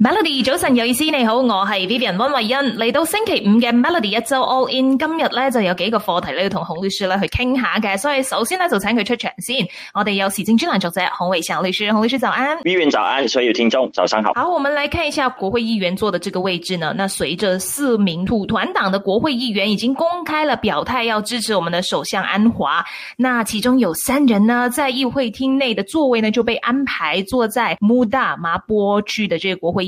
Melody，早晨有意思，你好，我係 Vivian 溫慧欣，嚟到星期五嘅 Melody 一周 All In，今日咧就有幾個課題咧要同洪律師咧去傾下嘅，所以首先咧就請佢出場先，我哋有時政專欄作者洪偉祥洪律師，洪律師早安，Vivian 早安，所有聽眾早上好。好，我們來看一下國會議員坐的這個位置呢，那隨着四名土團黨的國會議員已經公開了表態要支持我們的首相安華，那其中有三人呢在議會廳內的座位呢就被安排坐在 Muda 麻波區的這個國會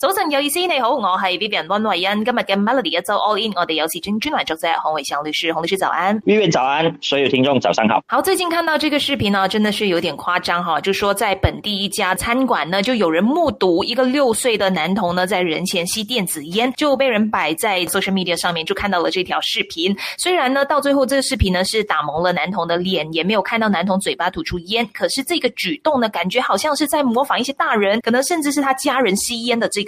早晨有意思，你好，我係 Vivian 溫慧欣，今日嘅 Melody 一周 All In，我哋有時事專專欄作者何偉強律師，何律師早安，Vivian 早安，所有聽眾早上好。好，最近看到這個視頻呢、啊，真的是有點誇張、啊、就說在本地一家餐館呢，就有人目睹一個六歲的男童呢，在人前吸電子煙，就被人擺在 social media 上面，就看到了這條視頻。雖然呢，到最後這個視頻呢，是打蒙了男童的臉，也沒有看到男童嘴巴吐出煙，可是這個舉動呢，感覺好像是在模仿一些大人，可能甚至是他家人吸煙的、這個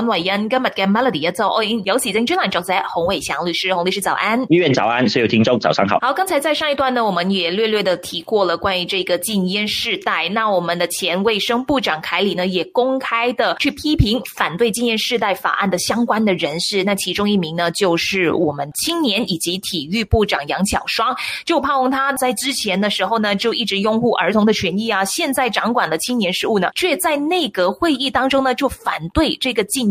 有洪偉強律師，洪律師早安，醫院早安，所有聽眾早上好。好，剛才在上一段呢，我們也略略的提過了關於這個禁煙世代。那我們的前衛生部長凱里呢，也公開的去批評反對禁煙世代法案的相關的人士。那其中一名呢，就是我們青年以及體育部長楊巧雙，就炮轟他在之前的時候呢，就一直擁護兒童的權益啊，現在掌管的青年事務呢，卻在內閣會議當中呢，就反對這個禁